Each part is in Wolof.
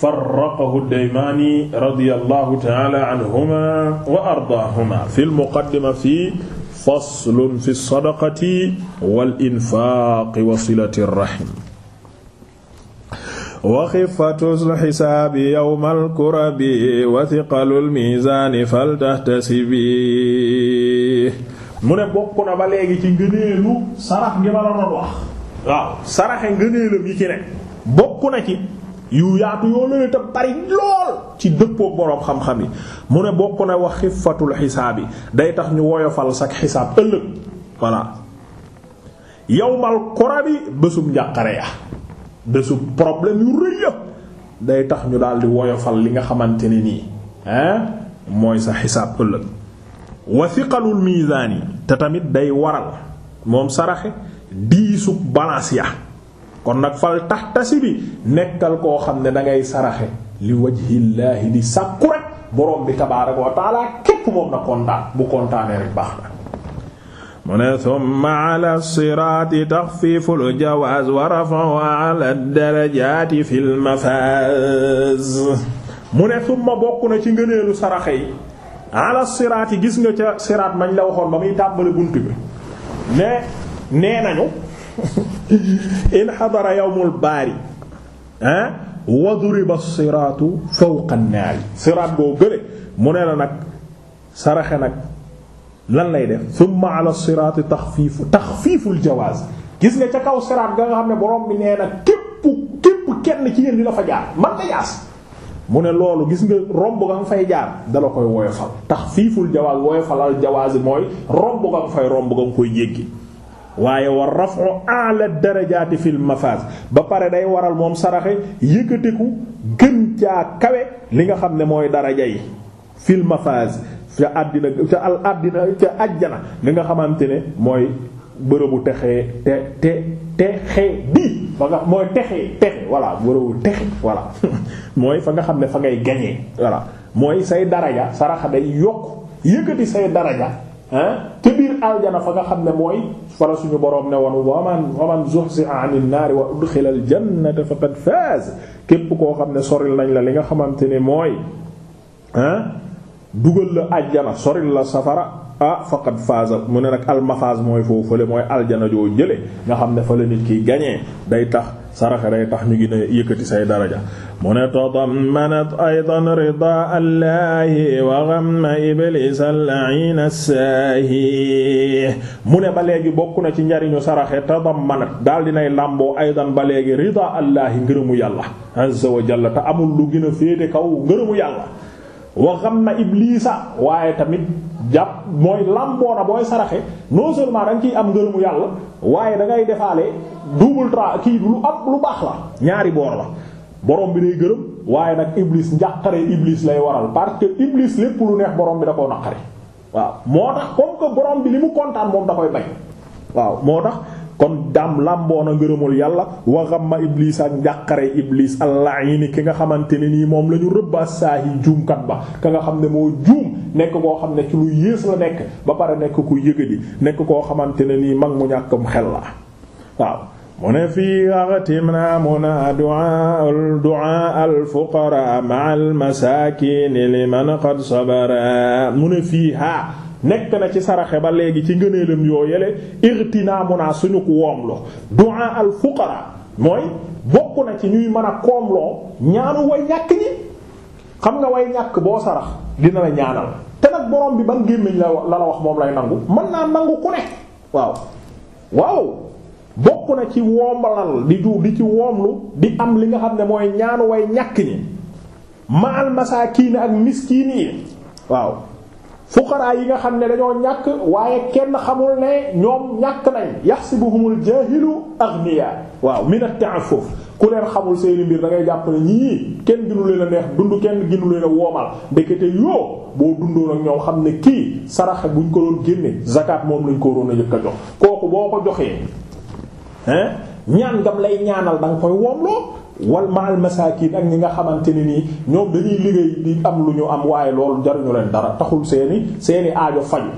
farraqahu Daymaani radiyallahu ta'ala anhuma wa ardaahuma fil muqaddima fi faslun fi sadaqati wal infaaqi wa silati rahim wa xiffatul xisaabi yawmal kurabi wa thiqalul miizaani faltahtasibi mu ne bokk na ba léegi ci ngëneelu sarax gi ma la doon wax waaw saraxe ngëneelam yi ci ne bokk na ci yu yaatu yoo lële te bari lool ci dëppoo boroom xam-xam yi mu ne bokk na wax xifatul xisaab yi day tax ñu woyofal sak xisaab ëllëg voilà yawmal korabi bésub njàqare ya bésub problème yu rëy ya day tax ñu daal di woyofal li nga xamante ne nii mooy sa xisaab ëllëg wasiqalul miisaan yi te tamit day waral moom saraxe diisub balance ya kon nag fal taxtasi bi nekkal koo xam ne dangay saraxe li wajhillaahi di sàkku rek borom bi tabaaraka wa taala képp moom na kontaan bu kontaanee rek baax na mu ne thumma ala siraati taxfiiful jawaaz wa raf'u mu ne thumma bokk na ci ngëneelu saraxe yi ala siraati gis nga ca siraat mañ la waxoon ba muy tàmbali bunt bi ne nee nañu in xadara yawmul baari ah wa duriba siraatu fawqa an-naari siraat boo gële mu ne la nag saraxe nag lan lay def thumma ala tax taxfiifu taxfiiful jawaaz gis nga ca kaw siraat ga nga xam ne borom bi nee na képp képp kenn ci yéen dina fa jaar man la yaas mu ne loolu gis nga romb nga nga fay jaar dala koy woyofal taxfiiful jawaaz woyofalal jawaaz mooy romb nga nga fay romb nga nga koy jéggi waaye war rafu ala darajaati fil mafaaz ba pare day waral moom saraxe yëkkatiku gën caa kawe li nga xam ne mooy daraja yi fil mafaaz ca àddina ca al àddina ca àjjana li nga xamante ne mooy bërëbu texee te te texe fa nga mooy texe texe voilà bërëbu texe voilà mooy fa nga xam ne fa ngay gañee voilà mooy say daraja saraxa day yokk yëkkati say daraja ah ca biir aljana fa nga xam ne mooy fala suñu boroom ne woon waman waman zuhziha anil naari wa xilal al jannata faqad faaz képp koo xam ne soril nañ la li nga xamante ne mooy dugal la ajjana soril la safara ah faqad faaza mu ne nag almafaaz mooy foofu fële mooy aljana joo jële nga xam ne fa la nit ki gañee day tax saraxe day tax ñu gën a yëkkati say daraja mu ne tadammanat aydan rida allahi wa ghamma iblis al-la'in as-sahi mu ne ba léegi bokk na ci njariñu saraxe tadammanat daal dinay làmboo aydan ba léegi rida allahi ngërëmu yàlla azza wa jalla te amul lu gën a féete kaw ngërëmu yàlla wa ghamma iblisa waaye tamit jàpp mooy làmboo booy saraxe non seulement danga ciy am ngërëmu yàlla waaye dangay defaale double tra kii lu ab lu baax la ñaari boor la borom bi day gërëm waaye nag iblis njàqare iblis lay waral parce que iblis lépp lu neex borom bi da koo naqare waaw moo tax borom bi li mu kontaan moom da koy waaw moo tax kon dam làmboona ngërëmul yàlla waxamma iblis ak njàqare iblis allaini ki nga xamante ne nii moom la ñu rëbba saahi juumkat ba ka nga xam ne moo juum nekk koo xam ne ci lu yées la nekk ba pare nekk ku yëgadi nekk koo xamante ne nii mag mu ñàkkam xel la waaw mu ne fii axtimna muna du'a du'a al fuqara ma'al masakin liman qad sabara mu ne fii ha nekk na ci saraxe ba léegi ci ngëneelam yoo yele irtina munaa suñu ko woomloo du'a al fuqara mooy bokk na ci ñuy mën a koomloo ñaanu way ñàkk ñi xam nga way ñàkk boo sarax dina la ñaanal te nag borom bi ban gémmiñ la la wax moom lay nangu mën naa nangu ku ne waaw waaw bokk na ci wombalal di du di ci woomlu di am li nga xam ne mooy ñaanu way ñàkk ñi maal masaakiin ak miskiin yi waaw fuqaraa yi nga xam ne dañoo ñàkk waaye kenn xamul ne ñoom ñàkk nañ yaxsibuhumul jaahilu aghniya waaw min foofu ku leen xamul seeni mbir da jàpp na ñii kenn ginu leen a neex dund kenn ginu leen a woomal ndekete yoo boo dundoon ak ñoom xam ne kii saraxe buñ ko doon génne zakat moom lañ ko doon a jëkk a jox kooku boo ko joxee ñaan ngam lay ñaanal da nga koy womloo wal maal masaakiin ak ñi nga xamante ne nii ñoom dañuy liggéey di am lu ñu am waaye loolu jaruñu leen dara taxul seeni seeni aajo faju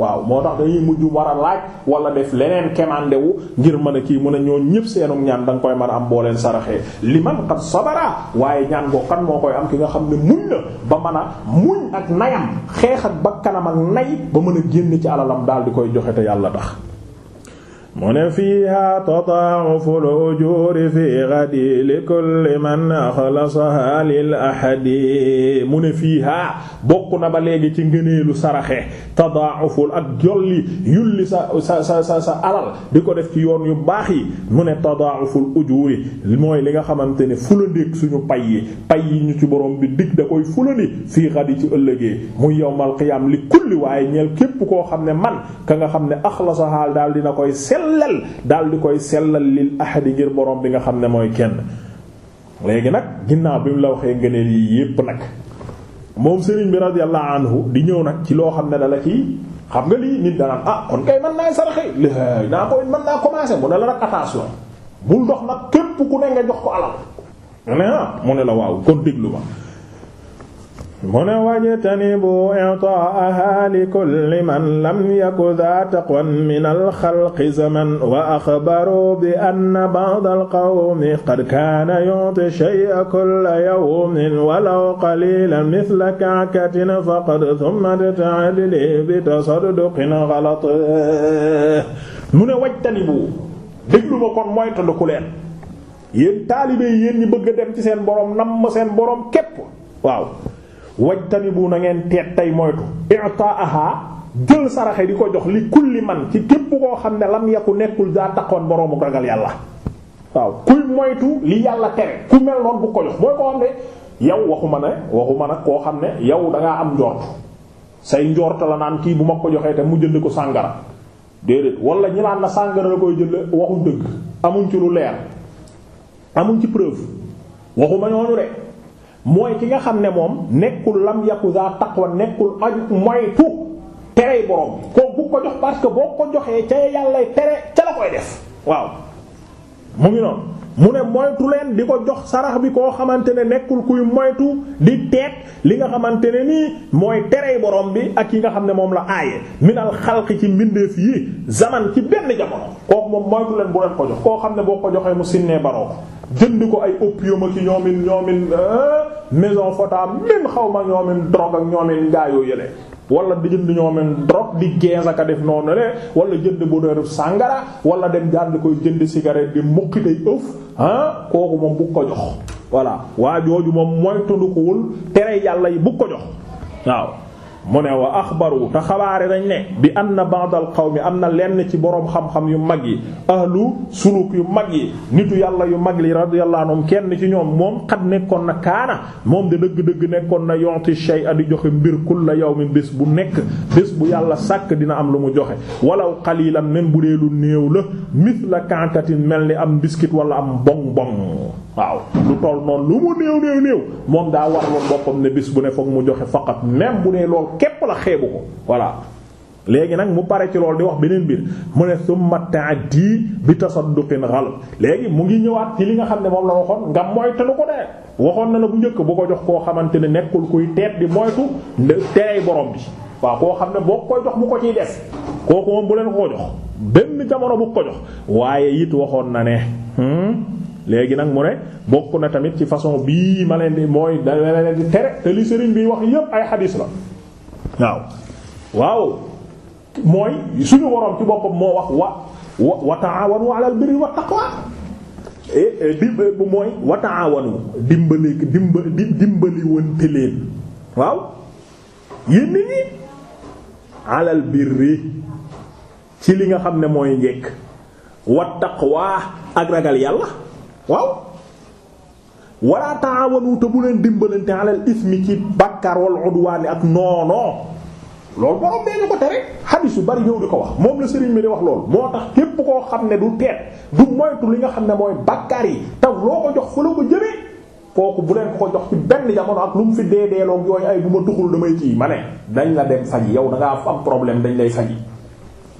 waaw moo tax dañuy mujj war a laaj wala def leneen kemande wu ngir mën a kii mun a ñoo ñëpp seenum ñaan da koy mën a am boo leen saraxee li man qad sabara waaye ñaan boo kan koy am ki nga xam ne muñ na ba mën a muñ ak nayam xeex ak bakkanam ak nay ba mën a génn ci alalam daal di koy joxe te yàlla tax mu ne fiiha tadaa'uful ujuuri fii ghadi li kulli man axlasaha lil ahadi mu ne fiiha bokk na ba léegi ci ngëneelu saraxe tadaa'uful ak jolli yulli sa sa sa sa alal di ko def ci yoon yu baax yi mu ne tadaa'uful ujuuri mooy li nga xamante ne fulandeeg suñu pay yi pay yi ñu ci borom bi dig da koy fulandi fii ghadi ci ëllëgee muy yawmal qiyaam li kulli waaye ñeel képp koo xam ne man ka nga xam ne axlasaha daal dina koy sel sellal daal di koy sellal lil ahadi ngir borom bi nga xam ne mooy kenn léegi nag ginnaaw bi mu la waxee ngëneel yi yépp nag moom sëriñ bi radiyallahu anhu di ñëw nag ci loo xam ne la ci xam nga lii nit danaan ah kon kay mën naa saraxe lay naa ko mën naa commencer mu ne la nag attention bul dox nag képp ku ne nga jox ko alal ah, mu ne la waaw kon déglu ma mu ne wajtanibu i'taaha li kulli man lam yaku daa taqwan min alxalqi zaman wa axbaru bi anna ba'd alqawmi qad kaana yu'ti shay'a kulla yawmin walaw qalilan mithla ka'katin faqad thumma ta'dili bi tasadduqin ghalat mu ne wajtanibu déglu ma kon mooy tënku leen yéen taalibe yéen ñi bëgg a dem ci seen borom nam ma seen borom képp waaw wajtanibu na nangeen teet tey moytu i'taaha jël saraxe di ko jox li kulli man ci képp koo xam ne lam yaku nekkul daa takkoon boroomu ragal yàlla waaw kuy moytu li yàlla tere ku mel noonu bu ko jox mooy koo xam ne yow waxu ma ne waxu ma nag koo xam ne yow dangaa am njort say njort la naan kii bu ma ko joxee te mu jënd ko sàngara déedéet wala ñi naan na sàngara la koy jël waxu dëgg amuñ ci lu leer amuñ ci preuve waxuma ñooñu de mooy ki nga xam ne moom nekkul lam yàqu za wa nekkul aju moytu terey borom ko bu ko jox parce que boo ko joxee ca yàllay tere ca la koy def waaw mu ngi noonu mu ne moytu leen di ko jox sarax bi koo xamante ne nekkul kuy moytu di teet li nga xamante ne nii mooy tere borom bi ak yi nga xam ne moom la aaye minal xalqi ci mbindeef yi zaman ci benn jamono kooku moom moytu leen bu leen ko jox koo xam ne boo ko joxee mu sinnee baroo ko jënd ko ay opium ak ñoomin ñoomin euh, maison fota min xaw ma ñoomin drogue ak ñoomin gaayoo yële wala di jënd ñoo men di gens aka def noonu le wala jënd bu dee sàngara wala dem jànd koy jënd cigarette bi mukki day ëf ah kooku moom bu ko jox voilà waa jooju moom mooy tundukowul tere yàlla yi bu ko jox waaw mu ne wa axbaru te xabaare nañ ne bi anna ba'd al qawmi am na lenn ci boroom xam-xam yu mag yi ahlu suluk yu mag yi nitu yàlla yu mag li radiyallahu anhum kenn ci ñoom moom xat nekkoon na kaana moom de dëgg-dëgg nekkoon na yonti shay'a di joxe mbir kulla mi bés bu nekk bés bu yàlla sàkk dina am lu mu joxe walaw qalilan même bu dee lu néew la mithla kankatin mel ni am biscuit wala am bong bong waaw lu toll noonu lu mu néew néew néew moom daa warloon bu ne fokk mu joxe faqat bu dee képp la xeebu ko voilà léegi nag mu pare ci loolu di wax beneen mbir mu ne summa ta'di bi tasadduqin ghalb léegi mu ngi ñëwaat ci li nga xam ne moom la waxoon nga moytu lu ko dee waxoon na ne bu njëkk bu ko jox koo xamante ne nekkul kuy teet di moytu terey borom bi waaw koo xam ne boo koy jox mu ko ciy des kooku moom bu leen koo jox benn jamono bu ko jox waaye it waxoon na ne hmm? léegi nag mu ne bokk na tamit ci façon bii ma leen di mooy da li sëriñ bi wax yépp ay xadiis waaw waaw mooy suñu waroon ci boppam moo wax wa wa wa ta'awanu 'alal birri wat taqwa eh, eh, di eh, dimbali dimba dimbali wante leen waaw yéen nit ñi 'alal birri ci li nga xam ne mooy njekk wat taqwa ak ragal yàlla waaw wala taawanu te bu leen dimbalante alal ismi ci bàkkaar wal udwaan ak noonoo loolu borom bee ñu ko tere xadiis yu bari ñëw di ko wax moom la sëriñ mi di wax lool moo tax képp koo xam ne du teet du moytu li nga xam ne mooy bàkkaar yi taw loo ko jox fu la ko jëmee kooku bu leen ko jox ci benn jamono ak lu mu fi dee deeloog yooyu ay bu ma tuxul damay kii ma ne dañ la dem faji yow da ngaa am problème dañ lay faji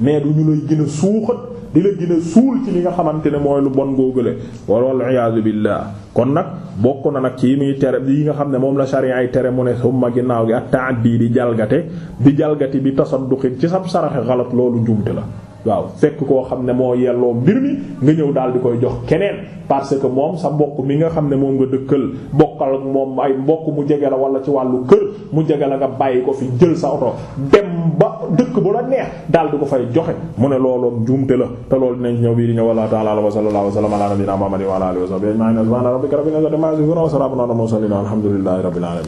mais du ñu lay gën a suuxat di la suul ci li nga xamante ne mooy lu bon góogale wal iyaadu billah kon nag bokk na nag ci muy tere yi nga xam ne moom la sharia ay tere mu ne summa ginnaaw gi ak taaddi di jalgate di jalgati bi tasadduqin ci sab saraxe xalat loolu njumte la waaw fekk koo xam ne moo yelloo mbir mi nga ñëw daal di koy jox keneen parce que moom sa mbokk mi nga xam ne moom nga dëkkal bokkal ak moom ay mbokk mu jege la wala ci wàllu kër mu jege la nga bàyyi ko fi jël sa oto dem ba dëkk bu la neex daal ko fay joxe mu ne looloom njuumte la te loolu dinañ ñëw bii ñëw wallahu ta'ala wa wa sallam ala nabiyyina wa ala alihi wa sahbihi ajma'in subhana rabbika rabbil izzati amma yasifun wa